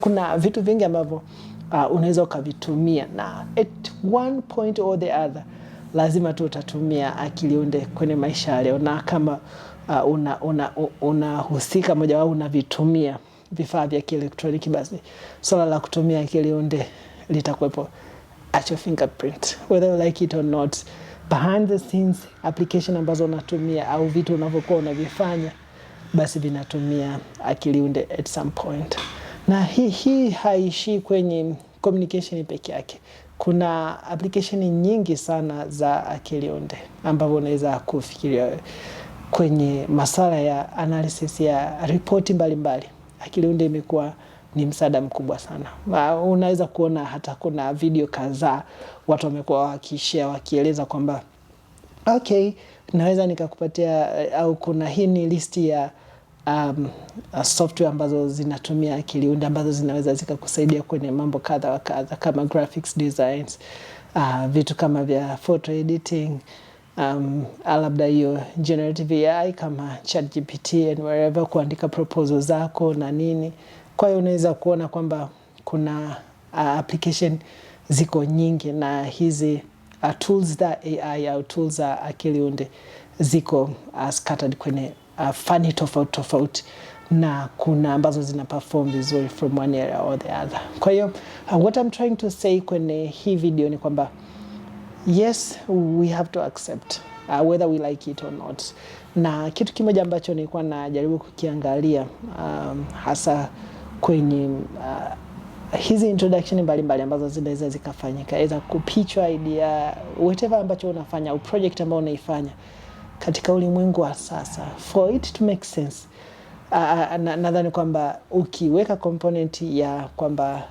Kuna vitu vingi ambavyo uh, unaweza ukavitumia na at one point or the other lazima tu utatumia akili unde kwenye maisha yaleo na kama uh, unahusika una, una moja wao unavitumia vifaa vya kielektroniki, basi swala la kutumia akili unde litakuwepo at your fingerprint whether you like it or not, behind the scenes application ambazo unatumia au vitu unavyokuwa unavifanya basi vinatumia akiliunde at some point. Na hii hi haishii kwenye communication peke yake. Kuna application nyingi sana za akili unde ambavyo unaweza kufikiria kwenye masala ya analysis ya ripoti mbalimbali. Akili unde imekuwa ni msaada mkubwa sana. Unaweza kuona hata kuna video kadhaa watu wamekuwa wakishare wakieleza kwamba okay, naweza nikakupatia au kuna hii ni listi ya um, software ambazo zinatumia akili unde ambazo zinaweza zikakusaidia kwenye mambo kadha wa kadha kama graphics designs, uh, vitu kama vya photo editing um, labda hiyo generative AI kama ChatGPT and wherever, kuandika proposal zako na nini. Kwa hiyo unaweza kuona kwamba kuna uh, application ziko nyingi na hizi uh, tools za AI au tools za akili unde ziko uh, scattered kwenye uh, fani tofauti tofauti na kuna ambazo zina perform vizuri from one area or the other. Kwa hiyo uh, what I'm trying to say kwenye hii video ni kwamba yes we have to accept uh, whether we like it or not, na kitu kimoja ambacho nilikuwa najaribu kukiangalia um, hasa kwenye uh, hizi introduction mbalimbali ambazo zinaweza zikafanyika, either kupichwa idea, whatever ambacho unafanya au project ambayo unaifanya katika ulimwengu wa sasa for it to make sense uh, nadhani na kwamba ukiweka component ya kwamba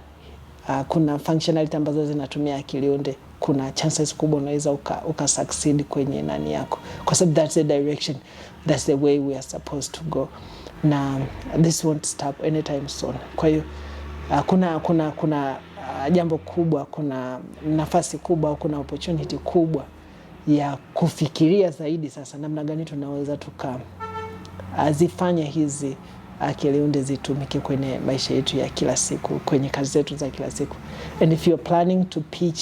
uh, kuna functionality ambazo zinatumia akili unde kuna chances kubwa unaweza uka, uka succeed kwenye nani yako, kwa sababu that's the direction, that's the way we are supposed to go, na this won't stop anytime soon. Kwa hiyo uh, kuna kuna kuna uh, jambo kubwa, kuna nafasi kubwa kuna opportunity kubwa ya kufikiria zaidi sasa namna gani tunaweza tukazifanya ah, hizi akili unde zitumike kwenye maisha yetu ya kila siku, kwenye kazi zetu za kila siku. And if you're planning to pitch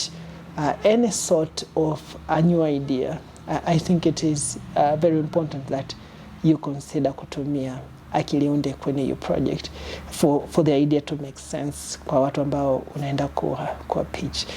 uh, any sort of a new idea ah, I think it is uh, very important that you consider kutumia akili unde kwenye your project for, for the idea to make sense kwa watu ambao unaenda kuwa, kuwa pitch.